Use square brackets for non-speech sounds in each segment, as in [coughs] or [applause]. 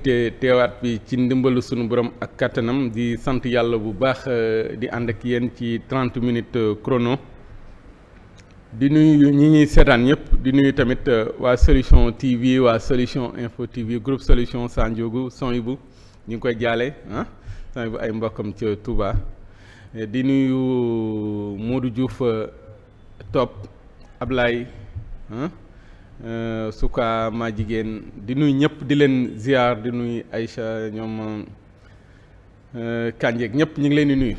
mbégte teewaat bi ci ndimbalu sunu borom ak kattanam di sant yàlla bu baax euh, di ànd ak yéen ci trente minutes euh, chrono di nuyu ñi ñuy seetaan ñëpp di nuyu tamit euh, waa solution TV waa solution info TV groupe solution Sanjogu bu ñu ngi koy jaale ah Sonybu ay mbokkam ca Touba di nuyu Modou Diouf Top Ablaye ah. Euh, suka maa jigéen di nuy ñëpp di leen ziar di nuy Aïcha ñoom euh, Kanjeeg ñëpp ñu ngi leen di nuyu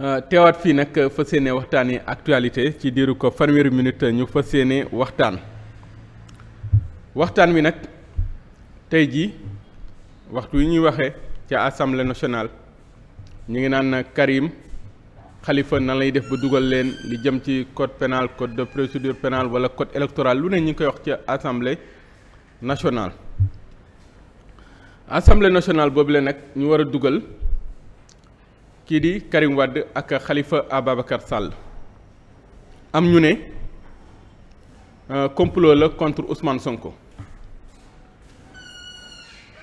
euh, teewaat fii nag fa yéene waxtaan yi actualité ci diiru ko fanweeri minute ñu fas yéene waxtaan waxtaan wi nag tey jii waxtu yi ñuy waxee ca assemblée nationale ñu ngi naan Karim. xalifa na lay def ba dugal leen li jëm ci code pénal code de procédure pénale wala code électoral lu ne ñu ngi koy wax ci assemblée nationale. assemblée nationale boobu la nag ñu war a dugal kii di Karim Wade ak xalifa Ababacar Sall am ñu ne euh, complot la contre Ousmane Sonko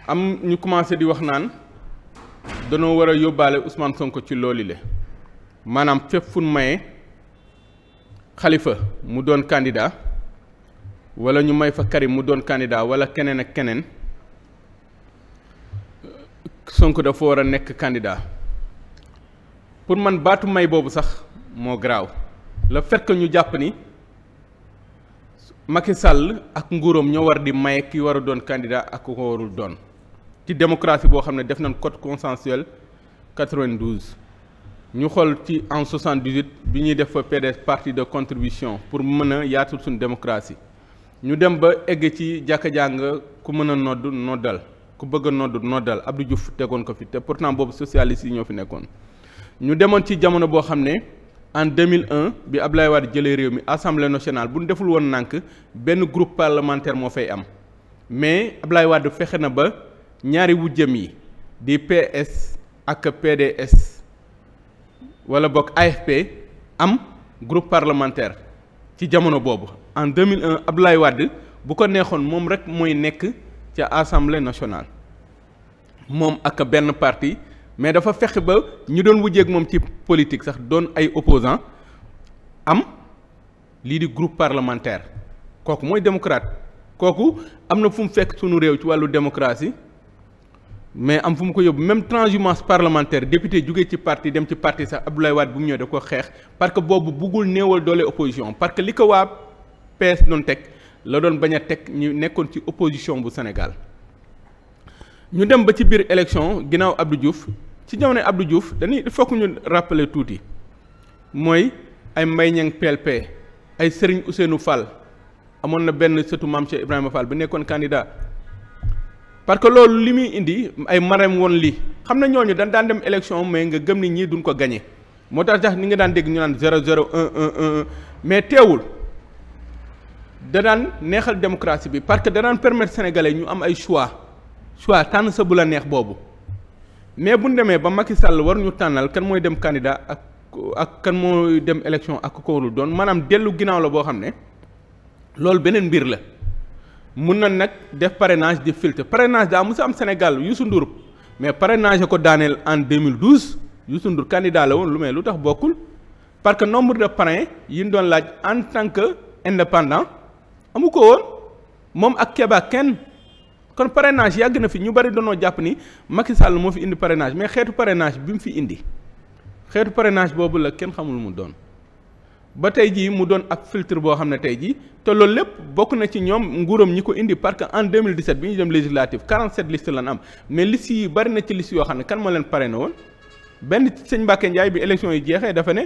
am ñu commencé di wax naan danoo war a yóbbaale Ousmane Sonko ci looli le maanaam fépp fu ñu maye xalifa mu doon candidat wala ñu may fa Karim mu doon candidat wala keneen ak keneen Sonko dafa war a nekk candidat pour man baatu may boobu sax moo garaaw la fait que ñu jàpp ni Macky sàll ak nguuram ñoo war di maye ki war a doon candidat ak ko warul doon ci démocratie boo xam ne def nañ code consensuel 92. ñu xool ci en 78 bi ñuy def fa PDS parti de contribution pour mën a yaatul suñu démocratie ñu dem ba egg ci jàkka jàng ku mën a nodd noddal ku bëgg a nodd noddal Abdou Diouf tegoon ko fi te pourtant boobu socialiste yi ñoo fi nekkoon ñu demoon ci jamono boo xam ne en 2001 bi Abdoulaye Wade jëlee réew mi assemblée nationale bu deful woon nànk benn groupe parlementaire moo fay am mais Abdoulaye Wade fexe na ba ñaari wujjam yi di PS ak PDS. wala bokk AFP am groupe parlementaire ci jamono boobu en mille 2001 Abdoulaye wàdd bu ko neexoon moom rek mooy nekk ca assemblée nationale moom ak benn partie mais dafa fexe ba ñu doon wujjeek moom ci politique sax doon ay opposants am lii di groupe parlementaire kooku mooy démocrate kooku am na fu mu fekk sunu réew ci wàllu démocratie mais am fu mu ko yóbbu même transhumance parlementaire député jógee ci parti dem ci parti sax Abdoulaye Wade bu mu ñëw da ko xeex parce boobu buggul néewal doole opposition parce que li ko waa PS doon teg la doon bañ a teg ñu nekkoon ci opposition bu senegal ñu dem ba ci biir élection ginnaaw Abdou Diouf ci jamono Abdou Diouf dañuy il faut ñu rappeler tuuti mooy ay Mbaye Niang ay Serigne Ousseynou Fall amoon na benn sëtu maam Cheikh Ibrahima Fall bi nekkoon candidat parce que loolu li muy indi ay maram woon lii xam na ñooñu dañ daan dem élection mais nga gëm ni ñii duñ ko gagné moo tax tax ni nga daan dégg ñu naan zéro zéro mais teewul da daan neexal démocratie bi parce que da daan permettre sénégalais ñu am ay choix choix tànn sa bu la neex boobu mais bu ñu demee ba Macky Sall war ñu tànnal kan mooy dem candidat ak ak kan mooy dem élection ak ko warul doon maanaam dellu ginnaaw la boo xam ne loolu beneen mbir la. mun na nag def parrainage di filtre parrainage daa sa am Sénégal Youssou Ndour mais parrainage ko daaneel en 2012 Youssou Ndour candidat la woon lu may lu tax bokkul parce que nombre de parrain yi ñu doon laaj en tant que indépendant amu ko woon moom ak kebaa kenn kon parrainage yàgg na fi ñu bari doonoo jàpp ni Macky Sall moo fi indi parrainage mais xeetu parrainage bi mu fi indi xeetu parrainage boobu la kenn xamul mu doon. ba tey jii mu doon ak filtre boo xam ne tey jii te loolu lépp bokk na ci ñoom nguuram ñi ko indi parce que en 2017 bi ñu dem législative 47 listes lan am mais liste yi bari na ci liste yoo xam ne kan ma leen parrainé woon benn sëñ Mbacke Ndiaye bi élection yi jeexee dafa ne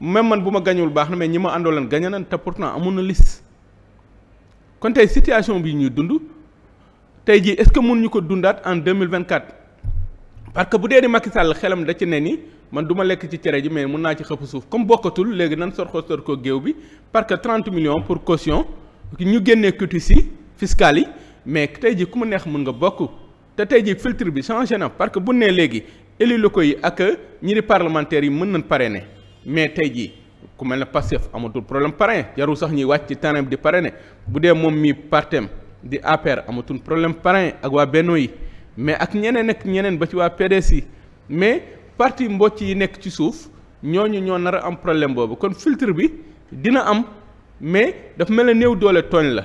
même man bu ma gañul baax na mais ñi ma àndoo leen gañe nan te pourtant amoon na liste kon tey situation bi ñuy dund tey jii est-ce que mën ñu ko dundaat en 2024 parce que bu dee ni Macky Sall xelam da ci ne ni man duma lekk ci cere ji mais mun naa ci xëpp suuf comme bokkatul léegi nan sorxo sorko géew bi parce que 30 millions pour caution ñu génnee cutis si fiscale yi mais tey ji ku ma neex mun nga bokk te tey ji filtre bi changé na parce que bu ne léegi élus locaux yi ak ñi di parlementaires yi mën nañ parrainer mais tey ji ku mel ne Pastef amatul problème parrain jarul sax ñuy wàcc ci terrain bi di parrainer bu dee moom mii partem di APR amatul problème parrain ak waa Benno yi mais ak ñeneen ak ñeneen ba ci waa PDS yi mais parti mbocc yi nekk ci suuf ñooñu ñoo nar a am problème boobu kon filtre bi dina am mais dafa mel ne néew doole tooñ la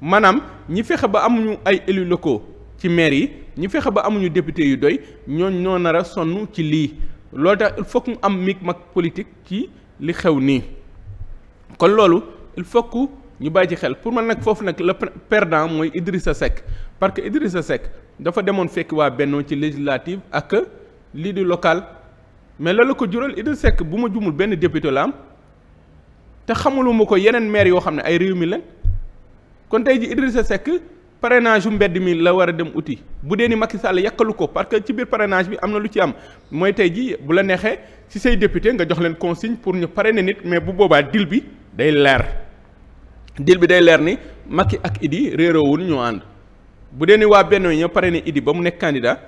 maanaam ñi fexe ba amuñu ay élus locaux ci maire yi ñi fexe ba amuñu député yu doy ñooñ ñoo nar a sonn ci lii loolu tax il faut am mig mag politique ci li xew nii kon loolu il faut ñu bàyyi ci xel pour man nag foofu nag le perdant mooy Idrissa Seck parce que sa Seck dafa demoon fekki waa Bennoo ci législative ak lii di local mais la la ko jural Idriss sekk bu ma jumul benn député la am te xamuluma ko yeneen maire yoo xam ne ay réew mi la kon tey ji sa sekk Seck parrainage mbedd mi la war a dem uti bu dee ni Macky sàll yàkkalu ko parce que ci biir parrainage bi am na lu ci am mooy tey ji bu la neexee ci say député nga jox leen consigne pour ñu ne nit mais bu boobaa dil bi day leer deal bi day leer ni Macky ak Idi réeroowul ñu ànd bu dee ni waa Benno ñoo pare ne Idi ba mu nekk candidat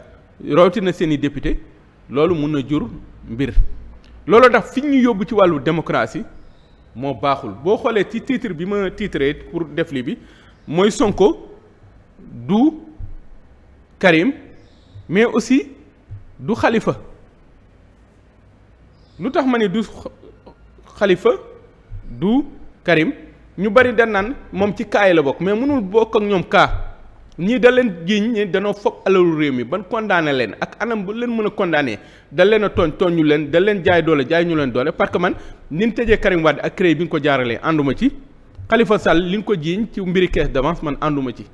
rawatina seen i député loolu mun na jur mbir loolu tax fi ñu yóbbu ci wàllu démocratie moo baaxul boo xoolee ci titre bi ma titré pour def lii bi mooy Sonko du Karim mais aussi du xalifa lu tax ma ne du Khalifa du Karim ñu bari dañ naan moom ci kaay la bokk mais mënul bokk ak ñoom kaa ñii da leen jiiñ ñi danoo foog alalu réew mi ban condamné leen ak anam bu leen mën a condamné da leen a tooñ tooñ ñu leen da leen jaay doole jaay ñu leen doole parce que man ni ñu tëjee Karim Wade ak CREI bi nga ko jaaralee ànduma ci Khalifa Sall li nga ko jiiñ ci mbiri caisse d'avance man ànduma ci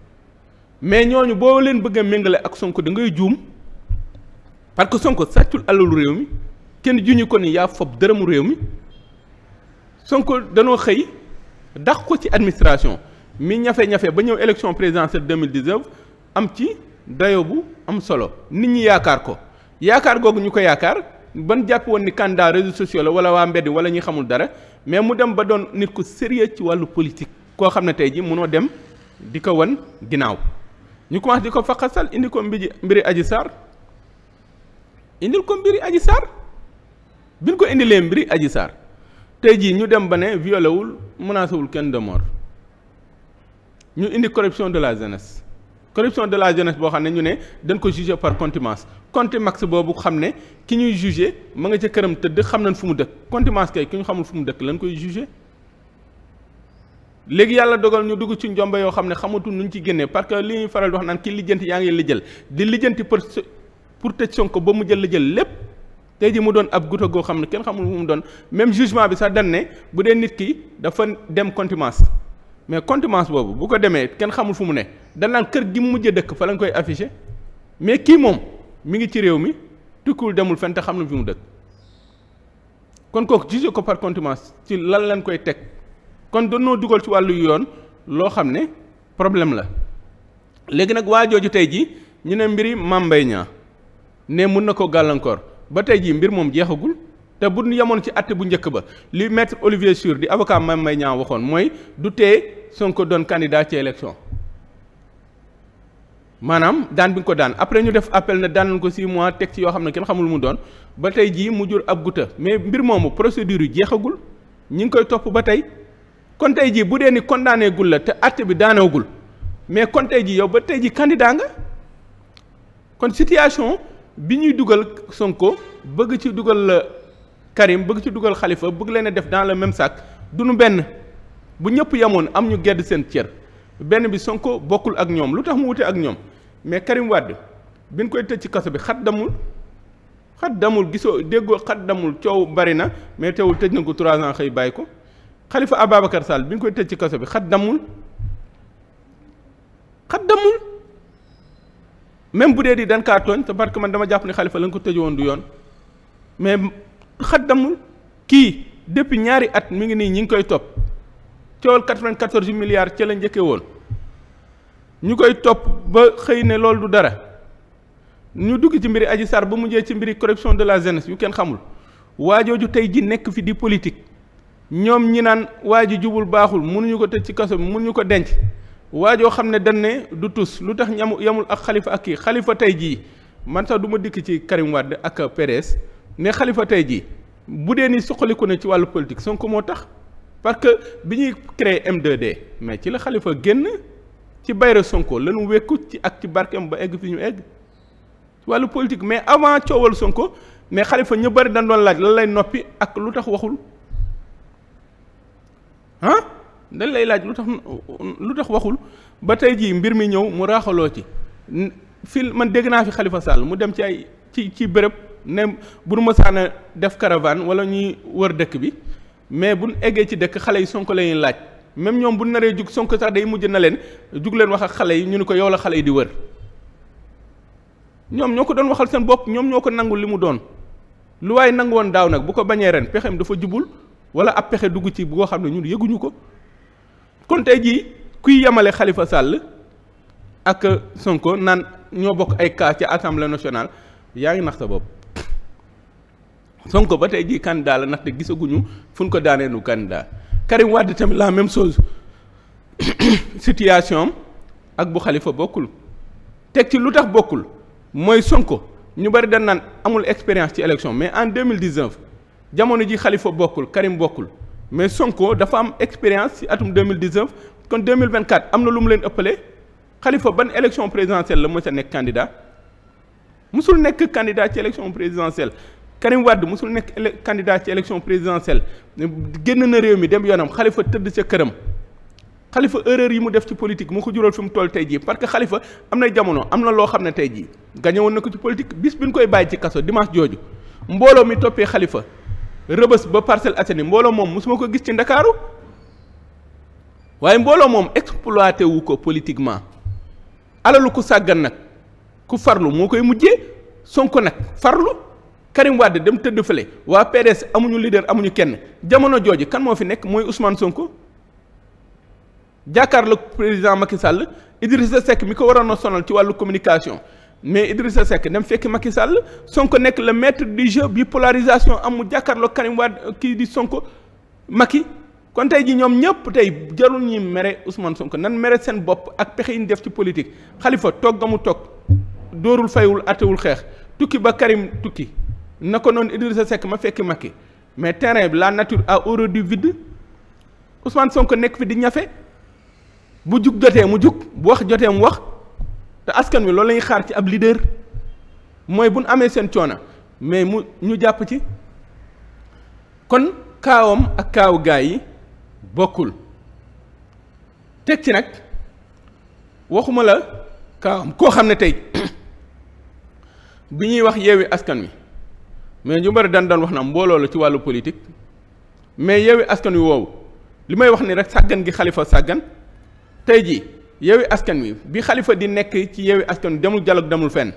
mais ñooñu boo leen bëgg a méngale ak sonk da ngay juum parce que Sonko sàccul alalu réew mi kenn ju juñu ko ni yaa fob dërëmu réew mi Sonko danoo xëy dax ko ci administration mi ñafe-ñafe ba ñëw élection présidentielle 2019 am ci dayo bu am solo nit ñi yaakaar ko yaakaar googu ñu ko yaakaar ban jàpp woon ni candidat réseaux sociaux la wala waa mbedd wala ñi xamul dara mais mu dem ba doon nit ku sérieux ci wàllu politique koo xam ne tey ji mënoo dem di ko wan ginnaaw ñu commencé di ko faqasal indi ko mbiri mbiri aji sarr indil ko mbiri aji sarr biñ ko indilee mbiri aji sarr tey jii ñu dem ba ne violé wul menacé wul kenn de mort ñu indi corruption de la jeunesse corruption de la jeunesse boo xam ne ñu ne dañ ko jugé par contumace contumace boobu xam ne ki ñuy jugé ma nga ca këram tëdd xam nañ fu mu dëkk contimence kay ki ñu xamul fu mu dëkk lañ koy jugé léegi yàlla dogal ñu dugg ci njombe yoo xam ne xamatu nuñ ci génne parce que li ñuy faral di wax naan ki lijjanti yaa ngi lijjal di lijjanti pour pour tëj ko ba mu jël la jël lépp tey ji mu doon ab guta goo xam ne kenn xamul fu doon même jugement bi sax dañ bu dee nit ki dafa dem contumace mais contimence boobu bu ko demee kenn xamul fu mu ne dañ naan kër gi mu mujj dëkk fa lañ koy affiché mais kii moom mi ngi ci réew mi tukkiwul demul fenn te xam na fi mu dëkk kon kooku jugé ko par contimence ci lan lañ koy teg kon dañoo dugal ci wàllu yoon loo xam ne problème la léegi nag waa jooju tey jii ñu ne mbiri Mame Mbaye Niang ne mun na ko gàllankoor ba tey jii mbir moom jeexagul. te bu ñu yemoon ci atte bu njëkk ba li maître Olivier Sur di avocat Mame may Niang waxoon mooy du tee Sonko doon candidat ci élection maanaam daan bi nga ko daan après ñu def appel ne daan ko six mois teg ci yoo xam ne kenn xamul mu doon ba tey jii mu jur ab guta mais mbir moomu procédure yi jeexagul ñi ngi koy topp ba tey kon tey jii bu dee ni condamné gul la te atte bi daanewagul mais kon tey jii yow ba tey jii candidat nga kon situation bi ñuy dugal Sonko bëgg ci dugal la. Karim bëgg ci dugal Khalifa bëgg leen a def dans le même du nu benn bu ñëpp yemoon am ñu gedd seen cër benn bi Sonko bokkul ak ñoom lu tax mu wute ak ñoom mais Karim Wade bi ñu koy tëj ci kaso bi xat damul xat damul gisoo déggoo xat damul coow bari na mais teewul tëj na ko trois ans ko Khalifa Ababacar Sall bi ñu koy tëj ci kaso bi xat damul xat damul même bu dee di dan tooñ te parce que man dama jàpp ne xalifa la nga ko tëj woon du yoon mais xaddamul kii depuis ñaari at mu ngi nii ñi ngi koy topp coowal 94 milliards ca la njëkke woon ñu koy topp ba xëy ne loolu du dara ñu dugg ci mbiri Adji Sarr ba mujjee ci mbiri corruption de la jeunesse yu kenn xamul waajooju tey ji nekk fi di politique ñoom ñi naan waa ji jubul baaxul mënuñu ko tëj ci kaso bi mënuñu ko denc waajoo xam ne dañ du tus lu tax ñamu yamul ak xalifa ak kii xalifa tey jii man sax du ma dikk ci Karim Wade ak PDS ne xalifa tey jii bu dee ni suqaliku na ci wàllu politique Sonko moo tax parce que bi ñuy créé m mais ci la xalifa génn ci bayra Sonko lañu wekku ci ak ci barkeem ba egg fi ñu egg wàllu politique mais avant coowal Sonko mais xalifa ñu bari dañ doon laaj lan lay noppi ak lu tax waxul ah dañ lay laaj lu tax lu tax waxul ba tey jii mbir mi ñëw mu raaxaloo ci fii man dégg naa fi xalifa Sall mu dem ci ay ci ci bërëb. ne bu nu mësaana def caravane wala ñuy wër dëkk bi mais bu nu eggee ci dëkk xale yi Sonko la ñuy laaj même ñoom bu naree jug Sonko sax day mujj na leen jug leen wax ak xale yi ñu ni ko yow la xale yi di wër ñoom ñoo ko doon waxal seen bopp ñoom ñoo ko nangu li mu doon lu waaye nangu woon daaw nag bu ko bañee ren pexem dafa jubul wala ab pexe dugg ci boo xam ne ñun yëguñu ko kon tey jii kuy yemale xalifa sàll ak Sonko naan ñoo bokk ay cas ci assemblée yaa ngi nax sa bopp. Sonko ba tey jii candidat la ndaxte gisaguñu fu ñu ko daaneelu candidat Karim Wade tamit la même chose [coughs] situation ak bu xalifa bokkul teg ci lu tax bokkul mooy Sonko ñu bari dañ naan amul expérience ci élection mais en 2019 jamono ji Khalifa bokkul Karim bokkul mais Sonko dafa am expérience ci atum 2019 kon 2024 am na lu mu leen ëppale Khalifa ban election présidentielle la mos a nekk candidat mosul nekk candidat ci élection présidentielle Karim Wade mosul nekk candidat ci élection présidentielle génn na réew mi dem yoonam xalifa tëdd ca këram Khalifa erreur yi mu def ci politique moo ko jural fi mu toll tey jii parce que Khalifa am na jamono am na loo xam ne tey jii gagné na ko ci politique bis bi ñu koy bàyyi ci kaso dimanche jooju mbooloo mi toppee xalifa rëbës ba Parcelles Assainies mbooloo moom mosuma ko gis ci ndakaaru waaye mbooloo moom exploité wu ko politiquement alalu ku sàggan nag ku farlu moo koy mujjee Sonko nag Karim Wade dem tëdd fële waa PDS amuñu leader amuñu kenn jamono jooju kan moo fi nekk mooy Ousmane Sonko jàkkaarloog président Macky Sall Idrissa Seck mi ko waroon a sonal ci wàllu communication mais Idrissa Seck dem fekk maki sàll sonk nekk la maître du jeu bi polarisation am mu jàkkaarloog Karim Wade kii di Sonko Macky kon tey ji ñoom ñëpp tey jarul ñi mere Ousmane Sonko nan mere seen bopp ak pexe yi ñu def ci politique Khalifa toog ga mu toog dóorul fayul attewul xeex tukki ba Karim tukki. na ko noonu Idrissa Seck ma fekki Macky mais terrain bi la nature a horreur du vide Ousmane Sonko nekk fi di ñafe bu jug jotee mu jug bu wax jotee mu wax te askan wi loolu la xaar ci ab leader mooy bu nu amee seen coona mais mu ñu jàpp ci kon kaawam ak kaawu gaa yi bokkul teg ci nag waxuma la kaawam koo xam ne tey [coughs] bi ñuy wax yeewi askan wi. mais ñu bari dañ doon wax na mbooloo la ci wàllu politique mais Yewwi Askan Wi woowu li may wax ni rek sàggan gi xalifa sàggan tey jii Yewwi Askan Wi bi xalifa di nekk ci Yewwi Askan Wi damul dialogue demul fenn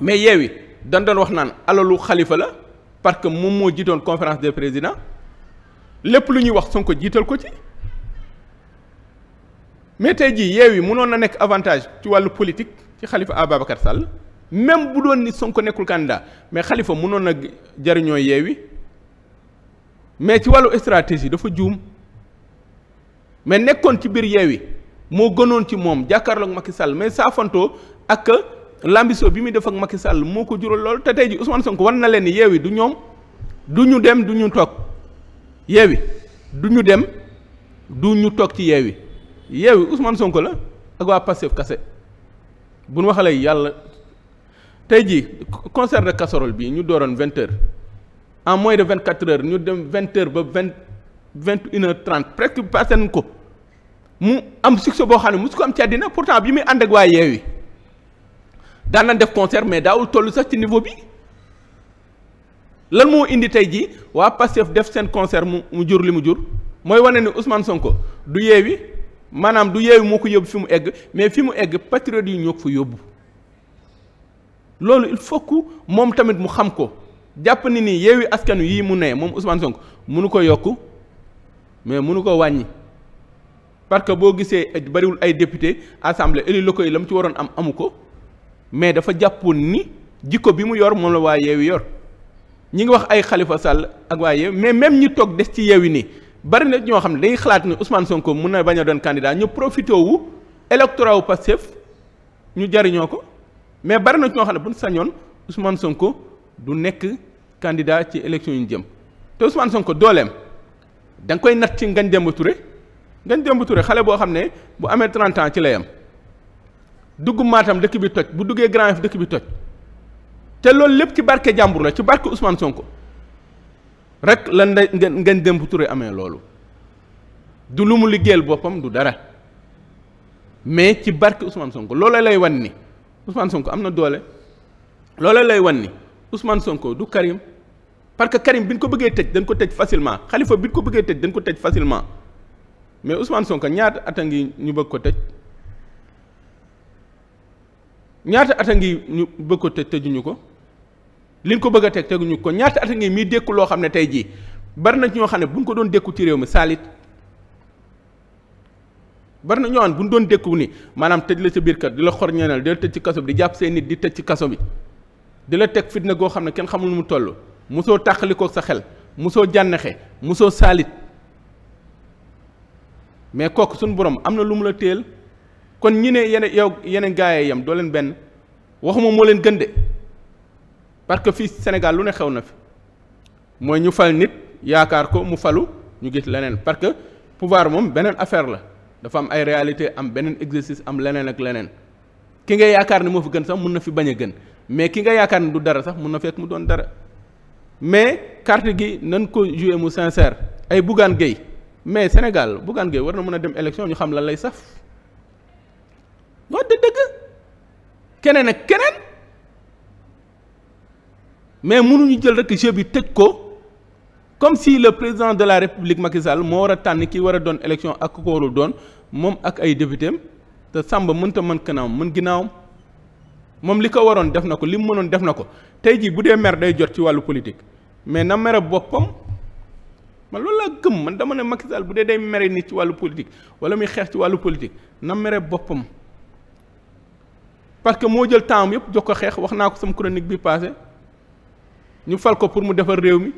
mais Yewwi dañ doon wax naan alalu xalifa la parce que moom moo jiitoon conférence des président lépp lu ñuy wax Sonko jiital ko ci mais tey jii Yewwi mënoon na nekk avantage ci wàllu politique ci xalifa Ababacar Sall même bu doon ni Sonko nekkul candidat mais xalifa mënoon na jariñoo Yewwi mais ci wàllu stratégie dafa juum mais nekkoon ci biir Yewwi moo gënoon ci moom jàkkaarloog Macky Sall mais saafantoo ak l'ambition bi muy def ak Macky Sall moo ko jural lool te tey ji Ousmane Sonko war na leen ni du ñoom du ñu dem du ñu toog Yewwi du dem du ñu toog ci Yewwi Yewwi Ousmane Sonko la ak waa Pastef kase bu nu waxalee yàlla. tey jii concert de casserole bi ñu dooroon vingt heures en moins de vingt quatre heures ñu dem vingt heures ba vingt vingt une heure trente presque passé nañ ko mu am succès boo xam ne mosu ko am ci àddina pourtant bi muy ànd ak waa yeewi daan nañ def concert mais daawul toll sax ci niveau bi lan moo indi tey jii waa Pastef def seen concert mu mu jur li mu jur mooy wane ni son ko du yeewi maanaam du yeewi moo ko yóbbu fi mu egg mais fi mu egg patriote yi ñoo ko fa yóbbu. loolu il faut moom tamit mu xam ko jàpp ni nii yeewi askan wi yii mu ne moom Ousmane Sonko munu ko yokk mais munu ko wàññi parce que boo gisee bariwul ay député assemblée élus locaux yi la mu ci waroon am amu ko mais dafa jàppoon ni jikko bi mu yor moom la waa yeewi yor ñi ngi wax ay xalifa Sall ak waaye yeewi mais même ñi toog des ci yeewi nii bari na ñoo xam ne dañuy xalaat ne Ousmane Sonko mun na bañ a doon candidat ñu profité wu électorat wu Pastef ñu jariñoo ko. mais bari na ci ñoo xam ne bu ñu sañoon Ousmane Sonko du nekk kandidaa ci élection yu ñu jëm te Ousmane Sonko dooleem da koy nat ci Ngagne Demba Touré Ngagne Demba Touré xale boo xam ne bu amee 30 ans ci la yam dugg Matam dëkk bi toj bu duggee Grand Yoff dëkk bi toj te loolu lépp ci barke jàmbur la ci barke Ousmane Sonko rek lan la Ngagne Demba Touré amee loolu du lu mu liggéeyal boppam du dara mais ci barke Ousmane Sonko loolu lay wan ni. Ousmane Sonko am na doole loola lay wan ni Ousmane Sonko du Karim parce que Karim bi ñu ko bëggee tëj dañ ko tëj facilement xalifa bi ñu ko bëggee tëj dañ ko tëj facilement mais Ousmane Sonko ñaata at a ngi ñu bëgg ko tëj ñaata at a ngi ñu bëgg ko tëj tëjuñu ko liñ ko bëgg a teg teguñu ko ñaata at a ngi muy dékku loo xam ne tey jii bari nañ ñoo xam ne bu ñu ko doon dékku ci réew mi saalit bari na ñoo xam bu ñu doon dékku ni maanaam tëj la ci biir kër di la xor ñeenal di la tëj ci kaso bi di jàpp seen nit di tëj ci kaso bi di la teg fitna goo xam ne kenn xamul nu mu toll mosoo tàqalikoog sa xel mosoo jànnexe mosoo saalit mais kooku suñu borom am na lu mu la téel kon ñi ne yeneen yow yeneen gaa yi yam doo leen benn waxuma moo leen gën de parce que fii Sénégal lu ne xew na fi mooy ñu fal nit yaakaar ko mu falu ñu gis leneen parce que pouvoir moom beneen affaire la dafa am ay réalité am beneen exercice am leneen ak leneen ki nga yaakaar ne moo fi gën sax mun na fi bañ a gën mais ki nga yaakaar ni du dara sax mun na fekk mu doon dara mais carte gi nan ko joué mu sincère ay Bougane géey mais Sénégal Bougane Gueye war na mën a dem élection ñu xam la lay saf wax dëgg keneen ak keneen mais mënuñu jël rek jeu bi tëj ko comme si le président de la république Macky moo war a tànn ki war a doon élection ak ko warul doon moom ak ay députéem te Samba mënta mën kanam mën ginnaawam moom li ko waroon def na ko li mënoon def na ko tey jii bu dee mer day jot ci wàllu politique mais na mere boppam man loolu laa gëm man dama ne Macky Sall bu dee day mere nit ci wàllu politique wala muy xeex ci wàllu politique na mere boppam parce que moo jël temps yëpp jox ko xeex wax naa ko sama chronique bi paase ñu fal ko pour mu defar réew mi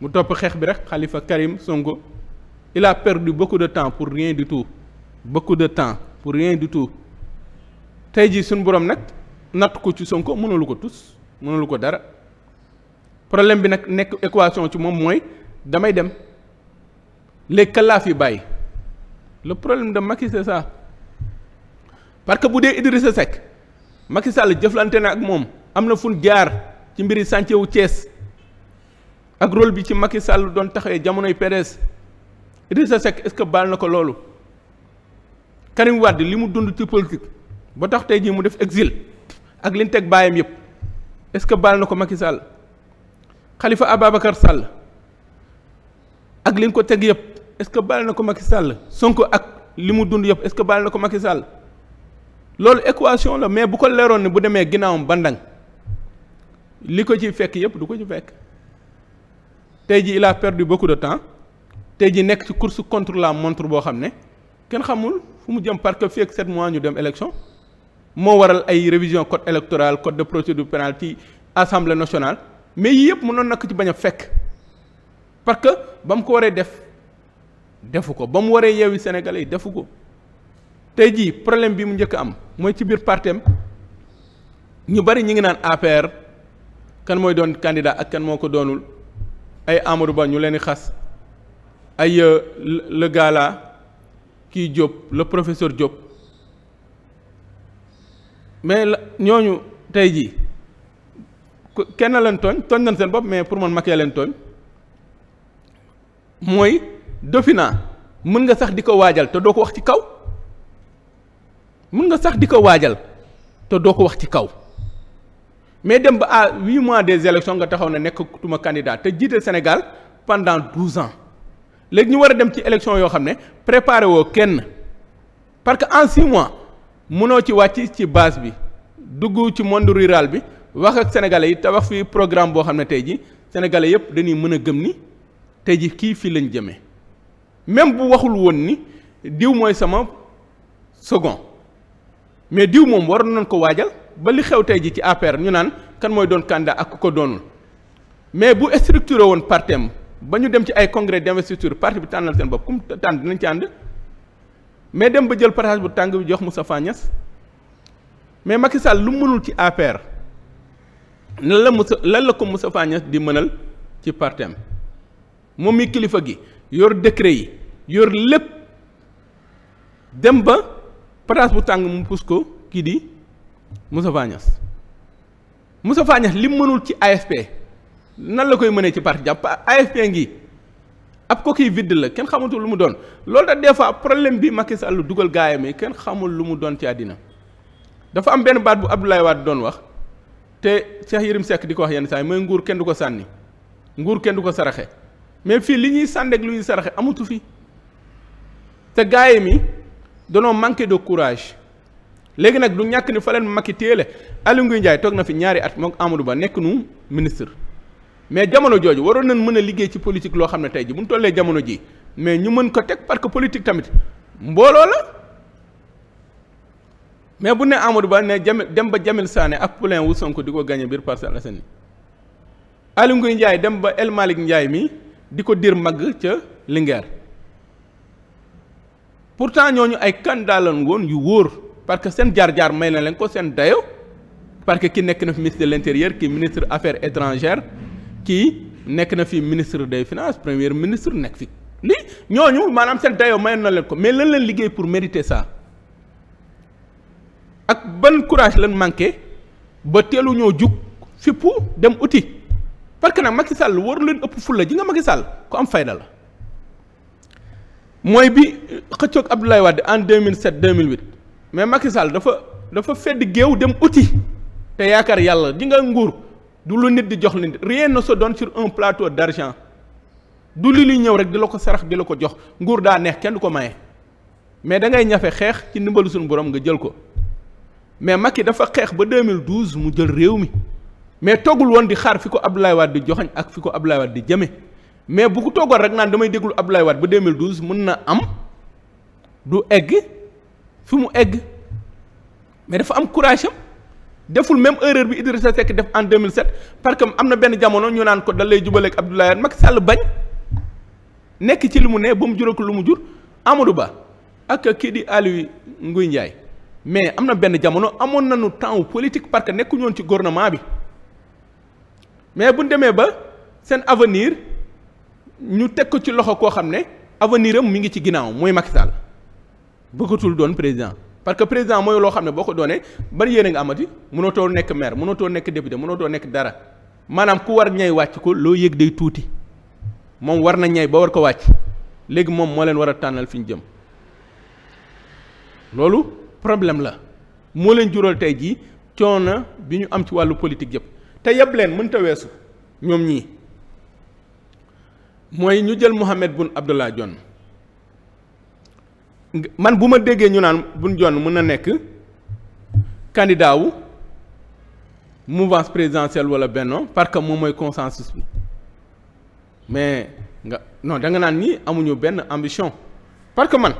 mu topp xeex bi rek xalifa Karim Sonko il a perdu beaucoup de temps pour rien di tout beaucoup de temps pour rien di tout tey jii suñu borom nag natt ko ci Sonko mënalu ko tus mënalu ko dara problème bi nag nekk équation ci moom mooy damay dem léegi kalaaf yi bàyyi le problème de Macky c'est ça parce que bu dee Idrissa Seck Macky Sall jëflante na ak moom am na fun jaar ci mbiri chantier wu Thiès ak rôle bi ci Macky Sall doon taxawee jamonoy PDS Idrissa Seck est-ce que baal na ko loolu Karim wàdd li mu dund ci politique ba tax tey jii mu def exil ak li ñu teg baayam yëpp est-ce que baal na ko Macky Sall Khalifa Ababacar Sall ak li ñu ko teg yëpp est-ce que baal na ko Macky Sall Sonko ak li mu dund yëpp est-ce que baal na ko Macky Sall loolu équation la mais bu ko leeroon ne bu demee ginnaawam bandang li ko ci fekk yëpp du ko ci fekk tey jii il a perdu beaucoup de temps tey ji nekk ci course contre la montre boo xam ne kenn xamul fu mu jëm parce que fii ak 7 mois ñu dem élection moo waral ay révision code électoral code de procédure pénale ci assemblée nationale mais yii yëpp mënoon na ko ci bañ fekk parce que ba mu ko waree def defu ko ba mu waree yeewi Sénégalais yi defu ko tey jii problème bi mu njëkk am mooy ci biir parteem ñu bari ñu ngi naan APR kan mooy doon candidat ak kan moo ko doonul ay Amadou Ba ñu leen di xas. ay euh, le gars là kii Diop le professeur Diop mais la ñooñu tey jii kenn leen tooñ tooñ nañ seen bopp mais pour man Macky leen tooñ mooy Dauphina mën nga sax di ko waajal te doo ko wax ci kaw mën nga sax di ko waajal te doo ko wax ci kaw mais dem ba à huit mois des élections nga taxaw ne nekk tuma candidat te jiital Sénégal pendant douze ans léegi ñu war a dem ci élection yoo xam ne préparé woo kenn parce que en six mois mënoo ci wàcc ci base bi dugg ci monde rural bi wax ak sénégalais yi te wax fii programme boo xam ne tey jii sénégalais yëpp dañuy mën a gëm ni tey jii kii fii lañ jëmee même bu waxul woon ni diw mooy sama second mais diw moom waroon nañ ko waajal ba li xew tey jii ci APR ñu naan kan mooy doon candidat ak ku ko doonul mais bu structuré woon partem ba ñu dem ci ay congrès d'investiture parti bi tànnal seen bopp kum tànn dinañ ci ànd mais dem ba jël partage bu tàng bi jox Moustapha Niasse mais Macky Sall lu mënul ci APR lan la Moussa lan la ko Moustapha Niasse di mënal ci partem moom mi kilifa gi yor décret yi yor lépp dem ba partage bu tàng mu pus ko kii di Moustapha Niasse Moustapha Niasse li mënul ci AFP nan la koy mënee ci parti jàpp AFP ngi ab coquille vide la kenn xamatul lu mu doon loolu da des fois problème bi Macky Sall dugal gaayam yi kenn xamul lu mu doon ci àddina dafa am benn baat bu waat Wade doon wax te Cheikh Yérim Seck di ko wax yenn saa yi mooy nguur kenn du ko sànni nguur kenn du ko saraxe mais fii li ñuy sàndeeg lu ñuy saraxe amatu fi te gaay mi danoo manqué de courage léegi nag du ñàkk ni fa leen Macky téele Aliou Ngouille Ndiaye toog na fi ñaari at mook Amadou Ba nekk nu ministre mais jamono jooju waroon nañ mën a liggéey ci politique loo xam ne tey ji bu ñu tollee jamono ji mais ñu mën ko teg parce que politique tamit mbooloo la mais bu ne Amadou Ba ne jami dem ba Jamil Sané ak poulain wu sonk di ko gagné biir Parcelles Assainies Aly Ngouille Ndiaye dem ba El Malick Ndiaye mi di ko dir màgg ca Linguère pourtant ñooñu ay candidat lañ woon yu wóor parce que seen jaar-jaar may na leen ko seen dayo parce que ki nekk na fi ministre de l'intérieur ki ministre affaire étrangères ci nekk na fi ministre des finances premier ministre nekk fi li ñooñu maanaam seen dayoo mayoon na leen ko mais lan leen liggéey pour mériter ça ak ban courage lan manqué ba teelu ñoo jug fippu dem uti parce que nag Macky Sall waru leen ëpp fulla ji nga Macky Sall ku am fayda la mooy bi xëccoog Abdoulaye Wade en 2007 2008 mais Macky Sall dafa dafa fedd géew dem uti te yaakaar yàlla dinga nguur du lu nit di jox la nit rien ne se donne sur un plateau d'argent du li luy ñëw rek di la ko sarax di la ko jox nguur daa neex kenn du ko maye mais dangay ñafe xeex ci ndimbalu suñu borom nga jël ko mais Macky dafa xeex ba 2012 mu jël réew mi mais toggul woon di xaar fi ko Abdoulaye Wade di joxañ ak fi ko Abdoulaye Wade di jëme mais bu ko toogoon rek naan damay déglu Abdoulaye Wade ba 2012 mën na am du egg fi mu egg mais dafa am courage deful même erreur bi a Seck def en 2007 parce que am na benn jamono ñu naan ko da lay jubaleeg Abdoulaye Macky Sall bañ nekk ci li mu ne ba mu jural ko lu mu jur Amadou Ba ak kii di Aly Ngouille Ndiaye mais am na benn jamono amoon nañu temps politique parce que nekkuñu woon ci gouvernement bi mais bu ñu demee ba seen avenir ñu teg ko ci loxo koo xam ne avenir mu ngi ci ginnaaw mooy Macky Sall bëggatul doon président. parce que président mooy loo xam ne boo ko doonee ban yéene nga amati mënatoo nekk maire mënatoo nekk député mënatoo nekk dara maanaam ku war ñay wàcc ko loo yëg day tuuti moom war na ñay ba war ko wàcc léegi moom moo leen war a tànnal fi ñu jëm loolu problème la moo leen jural tey jii coono bi ñu am ci wàllu politique yëpp te yëpp leen mënta weesu ñoom ñii mooy ñu jël Mohamed Boun Abdallah jonn man bu ma déggee ñu naan Boun Dionne mën na nekk candidat wu mouvance présidentielle wala Benno parce que moom mooy consensus bi mais nga non da nga naan ni amuñu benn ambition parce que man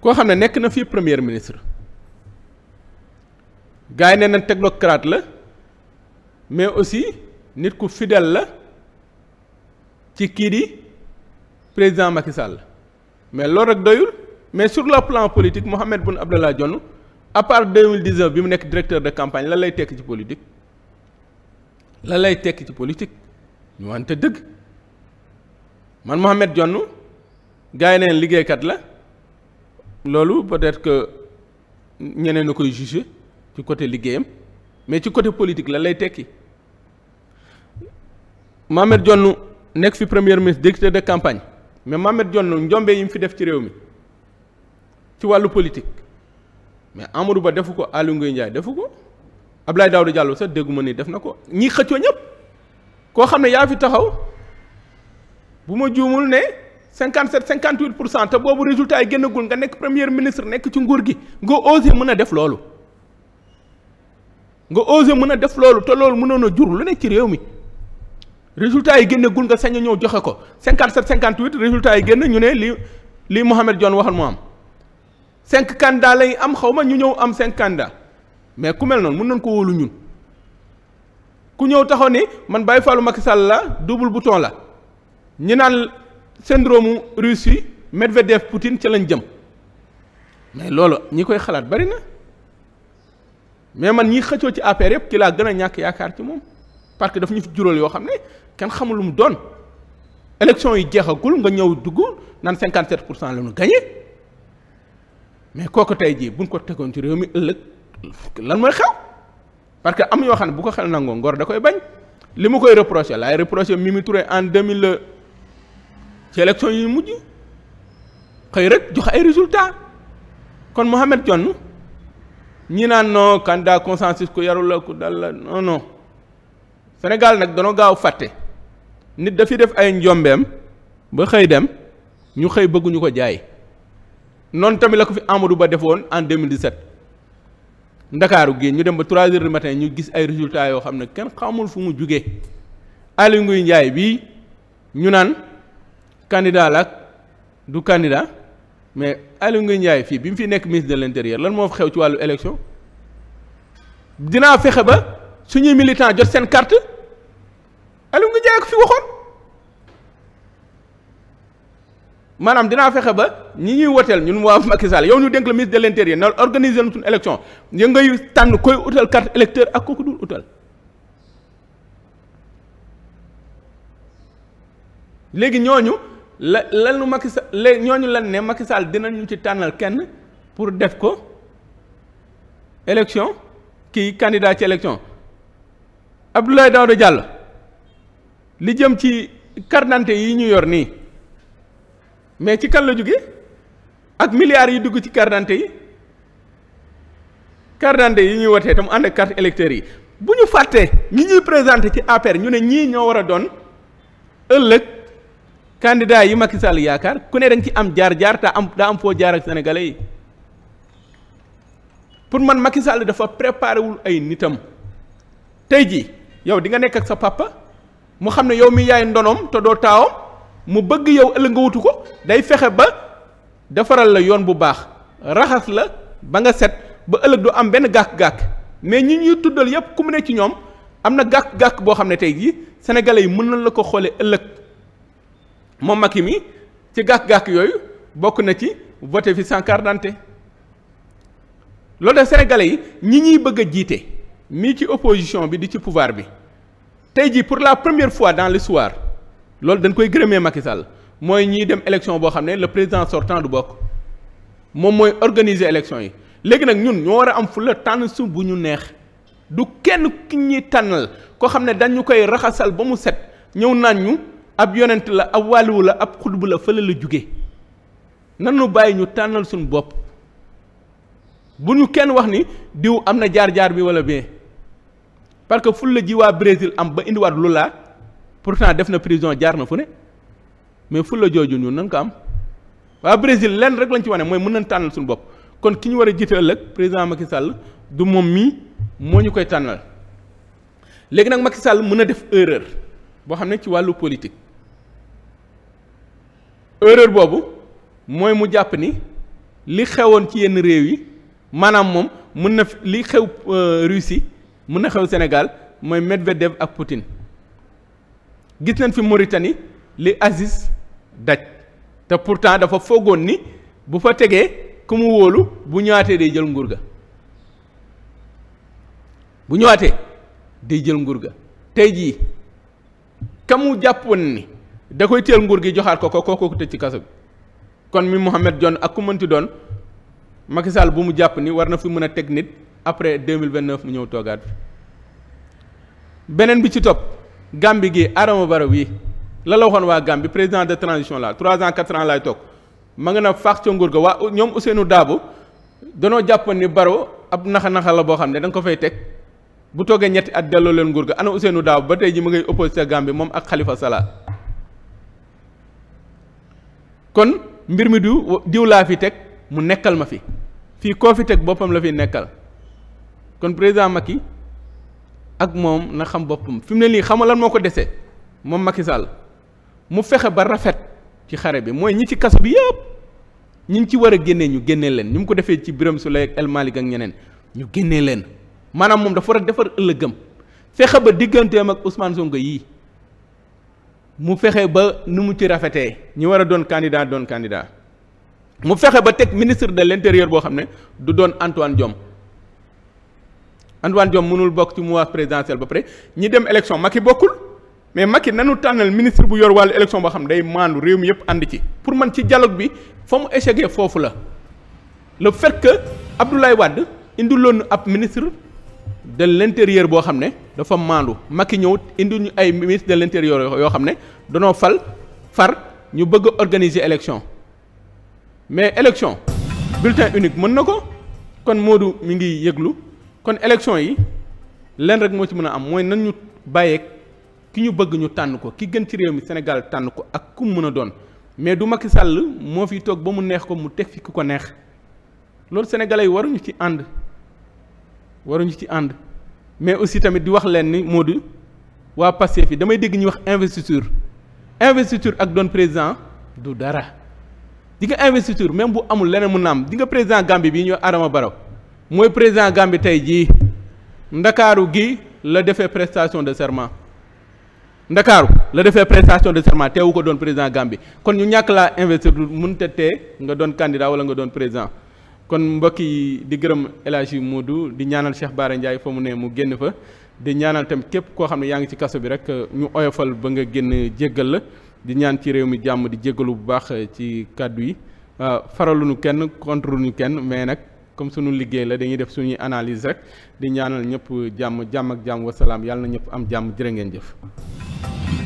koo xam ne nekk na fii premier ministre gars yi nee na technocrate la mais aussi nit ku fidèle la ci kii di président Macky Sall mais loolu rek doyul. mais sur le plan politique Mahammed Boun Abdallah Dionne à part 2019 bi mu nekk directeur de campagne lan lay tekki ci politique lan lay tekki ci politique ñu wante dëgg man Mahammed jonn gars yi neen liggéeykat la loolu peut-être que ñeneen na koy juger ci côté liggéeyam mais ci côté politique lan lay tekki Mahammed jonn nekk fi premier ministre directeur de campagne mais Mahammed jonn njombe yi mu fi def ci réew mi ci wàllu politique mais Amadou Ba defu ko Aly Ngouille defu ko ab Abdoulaye Daouda Diallo sax dégguma ni def na ko ñi xëccoo ñëpp koo xam ne yaa fi taxaw bu ma juumul ne 57 58 pour cent te boobu résultat yi génnagul nga nekk premier ministre nekk ci nguur gi nga osé mën a def loolu nga osé mën a def loolu te loolu mënoon a jur lu nekk ci réew mi résultat yi génnagul nga sañ a ñëw joxe ko 57 58 résultat yi génn ñu ne li li Mohamed Dionne waxal mu am. cinq candidats lay am xaw ma ñu ñëw am cinq candidats mais ku mel noonu mën nañ ko wóolu ñun ku ñëw taxaw ni man Baye Fallou Macky Sall la double bouton la ñu naan syndrome Russie Medvedev Poutine ci lañ jëm mais loolu ñi koy xalaat bari na mais man ñi xëccoo ci APR yëpp ci laa gën a ñàkk yaakaar ci moom parce que daf ñu fi jural yoo xam ne kenn xamul lu mu doon élection yi jeexagul nga ñëw dugg naan 57 pour cent la ñu mais kooku tey jii buñ ko tegoon ci réew mi ëllëg lan mooy xew parce que am yoo xam ne bu ko xel nangoo ngor da koy bañ li ma koy reproché laay reproché Mimi Touré en 2000 ci élection yi mujj xëy rek jox ay résultat kon Mohamed Dionne ñi naan non candidat consensus ku yarul ku dal la non Sénégal nag danoo gaaw fàtte nit dafi def ay njombeem ba xëy dem ñu xëy bëgguñu ko jaay. noonu tamit la ko fi Amadou Ba defoon en 2017 ndakaaru gi ñu dem ba 3 heures du matin ñu gis ay résultat yoo xam ne kenn xamul fu mu jugee Aly Ngouille njaay bii ñu naan candidat la du candidat mais Aly ngi njaay fii bi mu fi nekk ministre de l'intérieur lan moo xew ci wàllu élection dinaa fexe ba suñuy militant jot seen carte Aly Ngouille Ndiaye ko fi waxoon. maanaam dinaa fexe ba ñi ñuy woteel ñun waaw Macky yow ñu dénk la ministre de l'intérieur na organiser suñu élection ya ngay tànn koy utal carte électeur ak kooku dul utal léegi ñooñu la lanu Macky Sall léegi ñooñu lan ne Macky Sall dinañu ci tànnal kenn pour def ko élection kii candidat ci élection Abdoulaye Daouda Diallo li jëm ci carte d'identité yi ñu yor nii mais ci kan la jóge ak milliards yi dugg ci carte d'identité yi carte yi ñuy wotee tam ànd ak carte électeurs yi bu ñu fàttee ñi ñuy présenté ci APR ñu ne ñii ñoo war a doon ëllëg candidat yi Macky Sall yaakaar ku ne dañ ci am jaar-jaar te am daa am foo jaar ak sénégalais yi pour man Macky Sall dafa préparé wul ay nitam tey ji yow di nga nekk ak sa papa mu xam ne yow mi yaay ndonoom te doo taawam mu bëgg yow ëllëg nga wutu ko day fexe ba defaral la yoon bu baax raxas la ba nga set ba ëllëg du am benn gàkk-gàkk mais ñi ñuy tuddal yépp ku mu ne ci ñoom am na gàkk-gàkk boo xam ne tey jii sénégalais yi mën nañ la ko xoolee ëllëg moom yi mi ci gàkk-gàkk yooyu bokk na ci vote fi sans carte d'identité loolu de sénégalais yi ñi ñuy bëgg a jiite mii ci opposition bi di ci pouvoir bi tey jii pour la première fois dans l'histoire loolu dañ koy gërëmee Macky mooy ñiy dem élection boo xam ne le président sortant du bokk moom mooy organiser élection yi léegi nag ñun ñoo war a am fulla tànn su bu ñu neex du kenn ki ñuy tànnal koo xam ne dañu koy raxasal ba mu set ñëw naan ñu ab yonent la ab wàlluwu la ab xutbu la fële la jóge nan lu bàyyi ñu tànnal suñu bopp bu ñu kenn wax ni diw am na jaar-jaar bi wala bien parce que fulla ji waa Brésil am ba indiwaat lu laa pourtant def na prison jaar na fu ne mais fu la jooju ñun nan ko am waa Brésil lenn rek lañ ci wane mooy mën na tànnal suñu bopp kon ki ñu war a jiite ëllëg président Macky Sall du moom mii moo ñu koy tànnal léegi nag Macky Sall mën a def erreur boo xam ne ci wàllu politique erreur boobu mooy mu jàpp ni li xewoon ci yenn réew yi maanaam moom mën na li xew euh, Russie mën na xew Sénégal mooy Medvedev ak Poutine gis nañ fi Mauritanie li Aziz daj te pourtant dafa foogoon ni bu fa tegee ku mu wóolu bu ñëwaatee day jël nguur ga bu ñëwaatee day jël nguur ga tey jii ka mu jàppoon ni da koy teel nguur gi joxaat ko ko kooku ko tëj ci kaso bi kon mi Mohamed Dionne ak ku mënti doon Macky bu mu jàpp ni war na fi mën a teg nit après deux mille vingt neuf mu ñëw toogaat beneen bi ci topp. Gambie gi Adama Barrow wi la la waxoon waa Gambie président de transition la trois ans quatre ans laay toog ma nga na faax ca nguur ga waa ñoom Ousseynou Daabo danoo jàppoon ni Barrow ab naxa-naxa la boo xam ne da ko fay teg bu toogee ñetti at delloo leen nguur ga ana Ousseynou Daabo ba tey ji mu ngay opposé Gambie moom ak Khalifa Sall kon mbir mi du diw laa fi teg mu nekkal ma fi fii koo fi teg boppam la fi nekkal kon président yi ak moom na xam boppam fi mu ne nii xama lan moo ko dese moom Macky mu fexe ba rafet ci xare bi mooy ñi ci kaso bi yëpp ñi ngi ci war a génnee ñu génnee leen ñu mu ko defee ci Birame Souleye ak El Malick ak ñeneen ñu génnee leen maanaam moom dafa war a defar ëllëgam fexe ba digganteem ak usmaan Sonko yii mu fexe ba nu mu ci rafetee ñi war a doon candidat doon candidat mu fexe ba teg ministre de l'intérieur boo xam ne du doon Antoine Diome Antoine Diome mënul bokk ci mouvance présidentielle ba pare ñi dem élection Macky bokkul mais Macky nanu tànnal ministre bu yor wàllu élection boo xam day maandu réew mi yëpp ànd ci pour man ci dialogue bi fa mu échecgee foofu la le fait que Abdoulaye Wade indiloon ab ministre de l' intérieur boo xam ne dafa maandu Macky ñëw indi ñu ay ministre de l' intérieur yoo xam ne danoo fal far ñu bëgg a organiser élection mais élection bulletin unique mën na ko kon Modou mi ngi yëglu kon élection yi leen rek moo ci mën a am mooy nan ñu bàyyeeg ki ñu bëgg ñu tànn ko ki gën ci réew mi Sénégal tànn ko ak ku mën a doon mais du mag Sall moo fi toog ba mu neex ko mu teg fi ku ko neex loolu sénégalais yi waruñu ci ànd waruñu ci ànd mais aussi tamit di wax leen ni moo di waa Pastef fii damay dégg ñuy wax investiture investiture ak doon président du dara di nga investiture même bu amul leneen mu naam di nga président Gambie bii ñoo Adama Barrow mooy président Gambie tey jii ndakaaru gi la defee prestation de serment ndakaaru la defee prestation de serment teewu ko doon président Gambie kon ñu ñàkk laa investir mënut a tee nga doon candidat wala nga doon président kon mbokk yi di gërëm El moo du di ñaanal Cheikh Bara Ndiaye fa mu ne mu génn fa di ñaanal tamit képp koo xam ne yaa ngi ci kaso bi rek ñu oyofal ba nga génn jéggal la di ñaan ci réew mi jàmm di jéggalu bu baax ci kàddu yi ah, faraluñu kenn contre ñu kenn mais nag. comme sunu liggéey la dañuy def suñuy analyse rek di ñaanal ñëpp jàmm jàmm ak jàmm wasalaam yàlla na ñëpp am jàmm jërë ngeen jëf